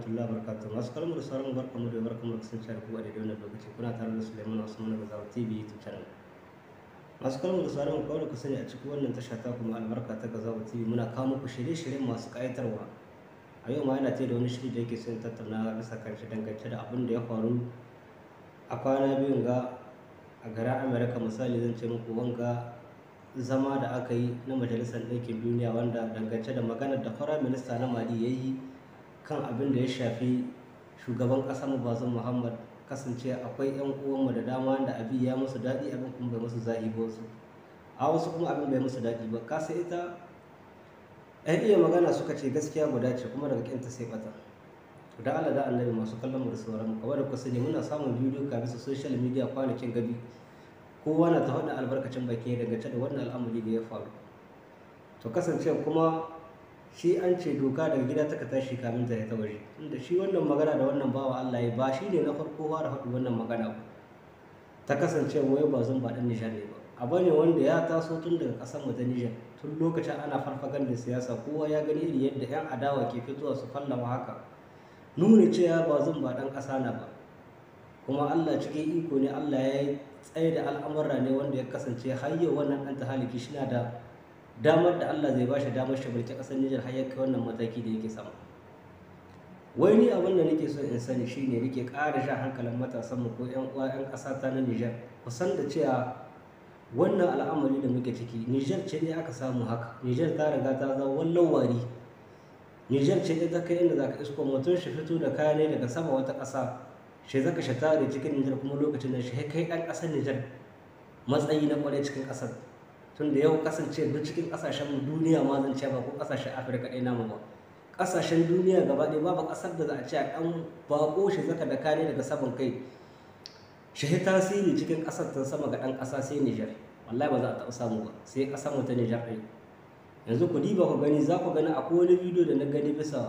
rahmatullahi barakatu masu kalmar da sauran mu da barkamu da kasance da ku da wannan lokaci kuna tare da Suleiman Usman ga Zawo TV YouTube channel masu kalmar da sauran kawai ku sani a cikin wannan tasha ta kuma albarka ta wa TV muna kawo muku shirye-shiryen masu kayatarwa a yau ma yana da wani shiri da yake son tattauna bisa karshe dangance da abin da ya faru a kwana biyun ga a garin Amerika misali zan ce muku wanga zama da aka yi na majalisar ɗinkin duniya wanda dangance da maganar da fara minista na mali ya yi kan abin da ya shafi shugaban ƙasar bazum muhammad kasance akwai 'yan uwanmu da dama da abi ya musu daɗi abin kuma bai musu za'i ba wasu a wasu kuma abin bai musu daɗi ba ka kasa ita 'yan iya magana suka ce gaskiya guda ce kuma daga ƙinta sai bata da Allah da annabi masu kallon mu da sauran kamar da kusa ne muna samun bidiyo kafin su social media kwanakin gabi kowa na ta faɗa albarkacin baki daga ta da wannan al'amari da ya faru to kasance kuma shi an ce doka daga gida ta tashi kamin ta ta waje inda shi wannan magana da wannan bawa Allah ya ba shi ne na farko fara faɗi wannan magana ba ta kasance wai ba zan baɗin Nijar ne ba A bane wanda ya taso tun daga ƙasar mu ta Nijar tun lokacin ana farfagan da siyasa kowa ya gani irin yadda 'yan adawa ke fitowa su fallama haka nuna cewa ba zan baɗin ƙasa na ba kuma Allah cikin iko ne Allah ya yi. tsaye da al'amura ne wanda ya kasance har yau wannan ɗan ta haliki shi na da damar da Allah zai bashi damar shi mulki kasar Nijar har ya wannan mataki da yake sama wai ni abin da nake so in sani shine nake ƙara sha hankalin matasan mu ko ƴan uwa ƴan ƙasa ta na Nijar ku san da cewa wannan al'amari da muke ciki Nijar ce ne aka samu haka Nijar ta riga ta zama wannan wari Nijar ce ta kai inda zaka isko mutum shi fito da kaya ne daga sama wata ƙasa shi zaka shata tare cikin Nijar kuma lokacin da shi kai ɗan ƙasar Nijar matsayi na ƙwarai cikin ƙasar tun da yau kasance duk cikin kasashen duniya ma zan ce ba ko kasashen afirka ɗaya namu ba kasashen duniya gaba ɗaya babu ƙasar da za a ce a ɗan baƙo shi zaka da kare daga saman kai shahi tasiri cikin ƙasar ta sama ga ɗan ƙasa sai nijar wallahi ba za a taɓa samu ba sai ƙasar mu ta nijar ɗaya yanzu ku diba ku gani za ku gani a wani bidiyo da na gani bisa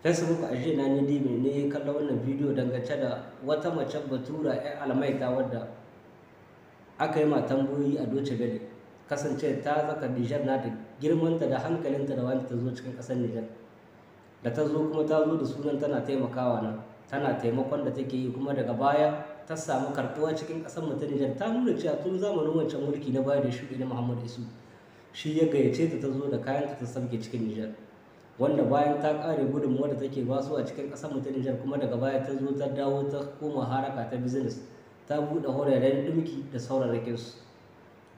facebook a na ni dibe ne kallon wannan bidiyo dangance da wata mace batura 'yan almaita wadda aka yi ma tambayoyi a doce Bele kasance ta zaka Nijar na da girmanta da hankalinta da wanda ta zo cikin ƙasar Nijar da ta zo kuma ta zo da sunan tana taimakawa na, tana taimakon da take yi kuma daga baya ta samu karɓuwa cikin ƙasar mutum Nijar ta nuna cewa tun zamanin wancan mulki na baya da shuɗi na muhammadu Isu shi ya gayyace ta ta zo da kayanta ta sabke cikin Nijar wanda bayan ta ƙare gudunmuwa da take basu a cikin ƙasar mutum Nijar kuma daga baya ta zo ta dawo ta koma haraka ta business ta buɗe horaren ɗumki da sauraron su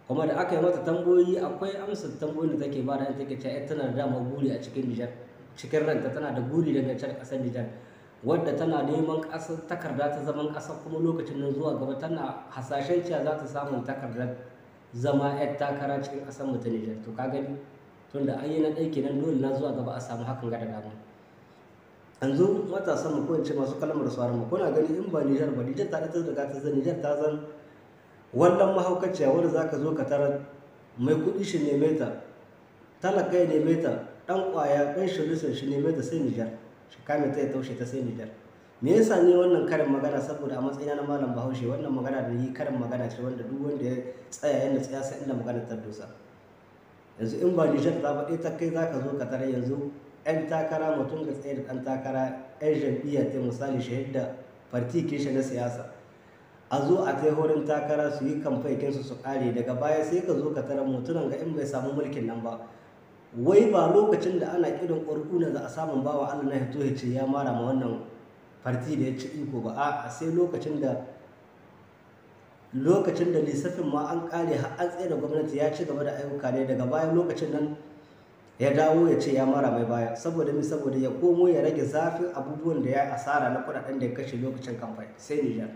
kuma da aka yi mata tambayoyi akwai amsa tamboyin da take ba da take cewa eh, tana da ma guri a cikin Nijar cikin ranta tana da guri daga can ƙasar Nijar wadda tana neman ƙasar takarda ta zaman kasar kuma lokacin nan zuwa gaba tana hasashen cewa za ta samu takardar zama 'yar takara cikin ƙasar mu ta Nijar to ka gani tunda an yi na ɗaiki nan dole na zuwa gaba a samu hakan ga da dama yanzu matasa mu ko ce masu kalmar sauran mu kuna gani in ba Nijar ba Nijar ta ta riga ta zan Nijar ta zan wannan mahaukaciya wanda zaka zo ka tarar mai kuɗi shi neme ta talaka ya neme ta dan kwaya dan shirisan shi neme ta sai Nijar shi kame ta ya taushe ta sai Nijar me yasa ne wannan karin magana saboda a matsayina na malam Bahaushe wannan magana da yi karin magana ce wanda duk wanda ya tsaya yana tsaya sai inda magana ta dosa yanzu in ba Nijar ta ba ita ta kai zaka zo ka tarar yanzu 'yan takara mutum ga tsaye da ɗan takara 'yan jam'iyya ta misali da farti kishi na siyasa a zo a kai horin takara su yi kamfaikinsu su ƙare daga baya sai ka zo ka tara mutunan ga in bai samu mulkin nan ba wai ba lokacin da ana kirin na za a samun bawa allah na hito ce ya mara ma wannan farti da ya ci iko ba a sai lokacin da lokacin da lissafin ma an ƙare har an tsaye da gwamnati ya ci gaba da ayyuka ne daga baya lokacin nan ya dawo ya ce ya mara mai baya saboda mi saboda ya komo ya rage zafin abubuwan da ya asara na kudaden da ya kashe lokacin kamfani sai Nijar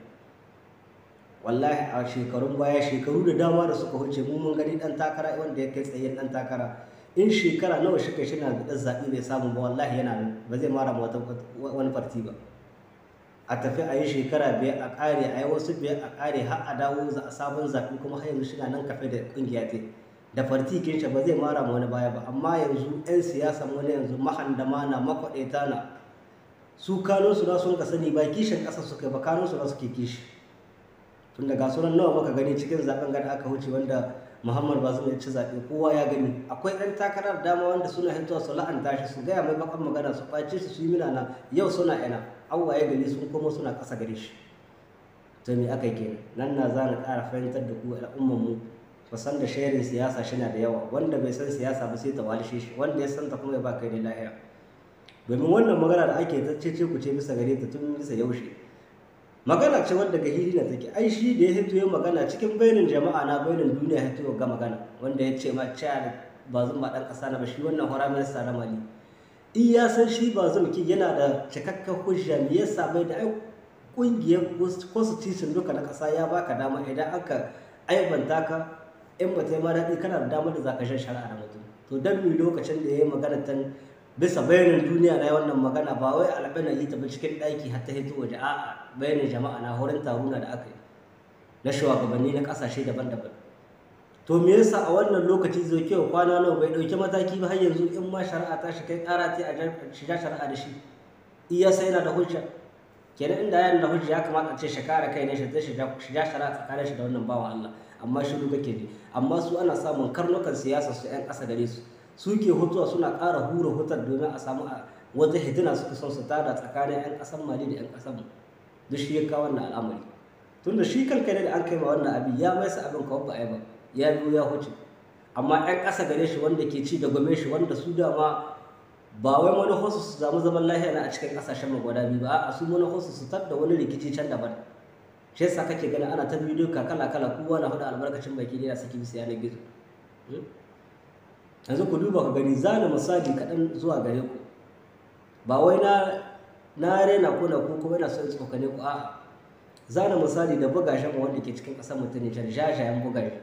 wallahi a shekarun baya shekaru da dama da suka huce mu mun gani dan takara wanda ya kai tsayen dan takara in shekara nawa shi kai shina da zaɓi bai samu ba wallahi yana nan ba zai mara wata wani farti ba a tafi a yi shekara biyar a ƙare a yi wasu biyar a ƙare har a dawo za a sabon zaɓi kuma har yanzu nan kafe da ƙungiya ta da farti kinsha ba zai mara ma wani baya ba amma yanzu 'yan siyasa mu yanzu mahandama na makwaɗaita na su kano su na sun ka sani ba kishin ƙasa su kai ba kano su na suke kishi tun daga sunan nawa muka gani cikin zaben gada aka wuce wanda muhammad ba zai ci zaɓe kowa ya gani akwai ɗan takarar dama wanda suna hintuwa su la'anta shi su gaya mai bakan magana su ɓace su su yi minana yau suna yana an waye gani sun kuma suna ƙasa gare shi to me aka kenan nan na za na ƙara fahimtar da ku al'ummar mu san da sharin siyasa shi na da yawa wanda bai san siyasa ba sai ta walishe shi wanda ya san ta kuma ya ba kai ne lahira domin wannan magana da ake ta cece ku ce bisa gare ta tun bisa yaushe magana ce wanda ga hili na take ai shi da ya hito yin magana cikin bainin jama'a na bainin duniya hito ga magana wanda ya ce ma ba zan ba dan kasa na ba shi wannan hora minista na mali in ya san shi ba zan ki yana da cikakken hujja me yasa bai da ai kungiyar constitution duka na kasa ya baka dama idan aka aibanta ka in ba ta yi ma daɗi kana da damar da za ka shan shari'a da mutum to dan mu lokacin da ya yi magana tan bisa bayanin duniya na wannan magana ba wai alɓana yi ta cikin ɗaki har ta hito waje a'a bayanin jama'a na horin taruna da aka yi na shugabanni na ƙasashe daban-daban to me yasa a wannan lokaci zai kyau kwana nawa bai ɗauki mataki ba har yanzu in ma shari'a ta shi kai ƙara ta a shiga shari'a da shi iya sai yana da hujja kenan inda yana da hujja ya kamata a ce shi kare kai ne shi shiga shari'a tsakanin shi da wannan bawa Allah amma shiru kake ji amma su ana samun karnukan siyasa su 'yan kasa gare su ke hutuwa suna kara hura hutar domin a samu wata hitina suka son su tada tsakanin 'yan kasan mali da 'yan mu duk shi ya kawo wannan al'amari tunda shi kanka ne da an kai ma wannan abin ya mai sa abin kawo ba a ba ya biyo ya huce amma 'yan ƙasa gare shi wanda ke ci da gwame shi wanda su dama ba wai manufarsu su samu zaman lahiya na a cikin ƙasashen magwada biyu ba a su manufarsu su tar da wani rikici can daban shi yasa kake gani ana ta bidiyo ka kala kala kowa na hada albarkacin baki ne na saki bisa yanar gizo hmm? yanzu ku duba ka gani zana misali kaɗan zuwa gare ku ba wai na na rena ko na ku kuma yana son su kokane ku a'a zana misali da bugashen wanda ke cikin ƙasar mutum ne can jajayen bugashe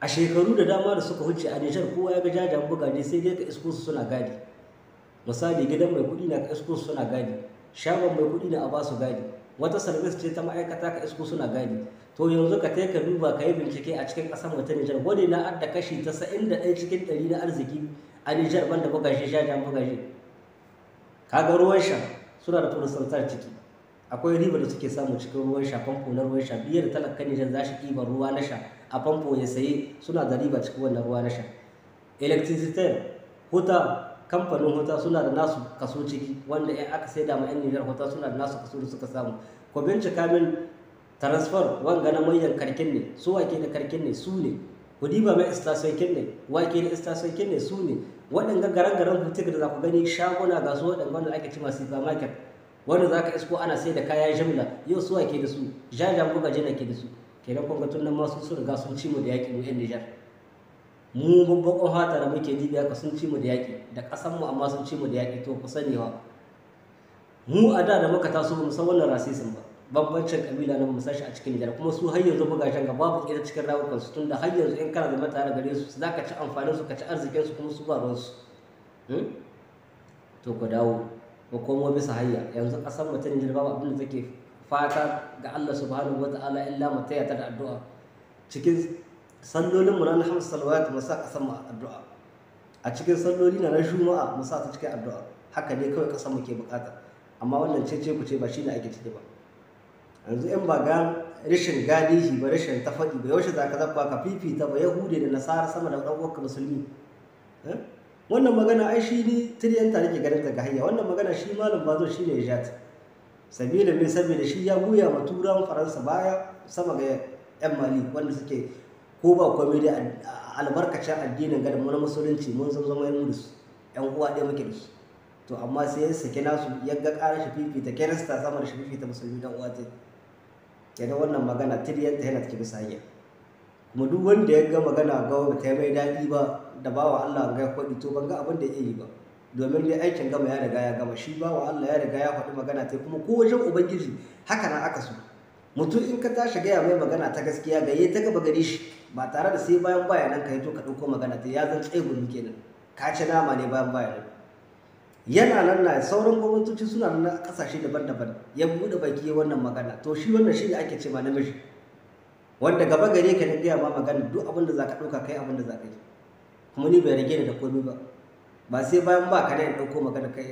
a shekaru da dama da suka huce a Nijar kowa ya ga jajayen bugaje sai dai ka isko su suna gadi misali gidan mai kuɗi na ka isko su suna gadi shagon mai kuɗi na a ba su gadi wata service ce ta ma'aikata ka isko suna gadi to yanzu ka kai ka duba ka yi bincike a cikin ƙasar mu ta Nijar gwani na adda kashi ta da ɗaya cikin ɗari na arziki a Nijar banda bugashe shajan bugashe ga ruwan sha suna da procentage ciki akwai riba da suke samu cikin ruwan sha famfo na ruwan sha biyar da talakan Nijar za shi ɗiban ruwa na sha a famfo ya saye suna da riba cikin wannan ruwa na sha electricity huta kamfanin hota suna da nasu kaso ciki wanda ya aka sai ma yan nijar hota suna da nasu kaso da suka samu ko bincika min transfer wanga na manyan karkin ne su wake da karkin ne su ne kudi ba mai istasokin ne wake da istasokin ne su ne waɗanda garan-garan da za ku gani shaguna ga su waɗanda wanda ake cima masu supermarket wanda za ka isko ana sai da kaya jimla yau su wake da su jajan buga jina ke da su kenan kun tun nan ma su riga sun ci mu da yaƙi mu yan nijar mu babban bakon tare da muke dibiya ka sun ci mu da yaƙi da ƙasan mu amma sun ci mu da yaƙi to ku sani wa mu a da da muka taso mu san wannan rasisin ba bambancin kabila na mu sashi a cikin jihar kuma su har yanzu shan ga babu ita cikin rawukan su tunda har yanzu in kana zama tare gare su za ka ci amfanin su ka ci arzikin su kuma su ba ruwan su hmm? to ku dawo ku komo bisa hayya yanzu ƙasar mutum jihar babu abin da take fata ga Allah subhanahu wa ta'ala illa mutayata taya da addu'a cikin sallolin mu na hamdu salawat mu sa kasan mu addu'a a cikin salloli na juma'a mu sa ta cikin addu'a haka ne kawai kasan mu ke bukata amma wannan cece ku ce ba shine ake ciki ba yanzu in ba ga rashin galihi ba rashin tafaɗi ba yaushe zaka zabba zafa ka fifita ba yahude da nasara sama da ɗan'uwanka musulmi eh? wannan magana ai shi ne tiryan ta nake ganin daga hanya wannan magana shi malam bazo shi ne jat sabila mai saboda shi ya goya ma turan faransa baya sama ga yan mali wanda suke ko ba komai da albarkacin addinin gadon mu na musulunci mun san zama yan da yan uwa ɗaya muke da su to amma sai ya sake nasu ya ga ƙara shi fifita kirista sama da shi ta musulmi dan uwa kenan wannan magana tiriyar ta yana cikin sahiya kuma duk wanda ya ga magana ga ba ta mai daɗi ba da bawa Allah ga ya to ban ga abin da ya yi ba domin dai aikin gama ya riga ya gama shi bawa Allah ya riga ya faɗi magana ta kuma ko wajen ubangiji haka nan aka so mutum in ka tashi gaya mai magana ta gaskiya ga ta gaba gare shi ba tare da sai bayan bayanan ka yato ka ɗauko magana ta ya zan tsegumi kenan ka ci nama ne bayan bayanan yana nan na sauran gwamnatoci suna nan kasashe daban-daban ya buɗe baki wannan magana to shi wannan shi da ake ce ma namiji wanda gaba gare ka ne gaya ma magana duk abin da za ka ɗauka kai abin da za ka yi kuma ni bai rage ni da komai ba ba sai bayan ba ka dai ɗauko magana kai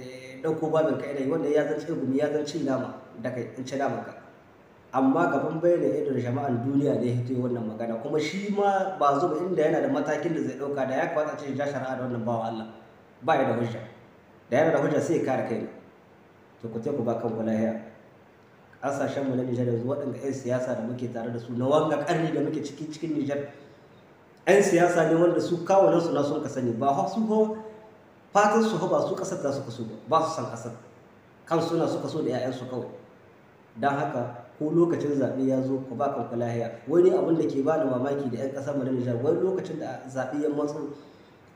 ɗauko babin ka yi, wanda ya zan tsegumi ya zan cin nama da kai in ci nama ka amma gaban bayyana da jama'an duniya da ya yi wannan magana kuma shi ma ba zuba inda yana da matakin da zai dauka da ya kamata ce ja shara'a da wannan bawa Allah ba ya da hujja da yana da hujja sai ya kare kai to ku ku ba kan walahiya kasashen mu na Nijar yanzu waɗanda 'yan siyasa da muke tare da su na wanga ƙarni da muke cikin cikin Nijar 'yan siyasa ne wanda su kawo su na son ka sani ba su ko fatan su ba su kasar da su kaso ba su san kasar kan suna su kaso da 'ya'yansu kawai don haka ko lokacin zaɓe ya zo ku ba kanku lahiya wani abin da ke bani mamaki da 'yan ƙasar mu na Nijar wani lokacin da zaɓe ya matsu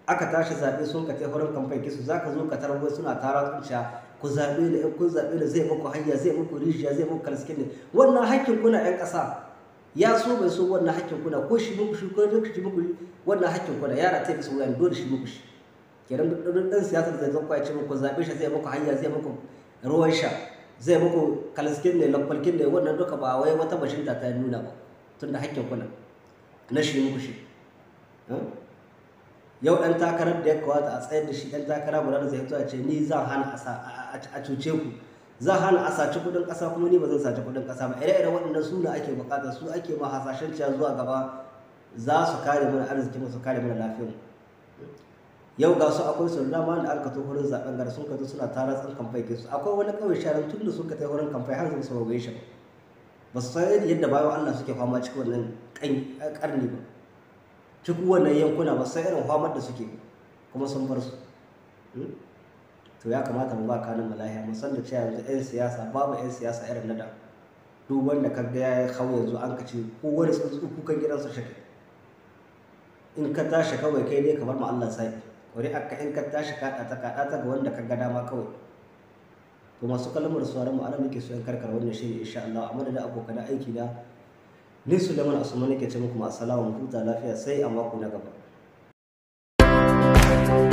aka tashi zaɓe sun ka horon kamfan kisu za ka zo ka tarar wai suna tara tsunciya ku zaɓe da yankun zaɓe da zai muku hanya zai muku rijiya zai muku kalskin ne wannan hakkin kuna 'yan ƙasa ya so bai so wannan hakkin kuna ko shi muku shi ko shi muku wannan hakkin kuna yara ta yi su wani dole shi muku shi kenan duk ɗan siyasar zai zo ce muku zaɓe shi zai muku hanya zai muku ruwan sha zai muku kalaskin ne lakwalkin ne wannan duka ba wai wata mashinta ta nuna ba tun da hakkin kuna na shi muku shi hmm? yau ɗan takarar da ya kawata a tsayar da shi ɗan takara guda da zai fito a ce ni zan hana a cuce ku za hana a saci kudin kasa kuma ni ba zan saci kudin kasa ba ire iren waɗannan su da ake bukata su ake ma hasashen cewa zuwa gaba za su kare mana arzikin su kare mana lafiyar yau ga su akwai sun dama da aka wurin zaɓen zaben gar sun kato suna tara tsar kamfai ke su akwai wani kawai sharan tun da sun kai wurin kamfai har sun saurare shi ba su san yadda bayan Allah suke fama cikin wannan karni ba cikin wannan yankuna ba san irin famar da suke kuma sun bar su hmm? to ya kamata mu ba kanin malahiya mu san da cewa yanzu 'yan siyasa babu 'yan siyasa irin na da duk wanda ka ga ya hau yanzu an ka ce ko wani tsuntsu kukan gidansa shaka in ka tashi kawai kai ne kamar ma Allah sai wani ka in ka tashi kaɗa ta kaɗa ta ga wanda ka ga dama kawai to masu kalmar sauran mu anan ke so in karkar wannan in insha Allah amma da abokan aiki na ni mana Usman nake ce muku assalamu alaikum lafiya sai a mako na gaba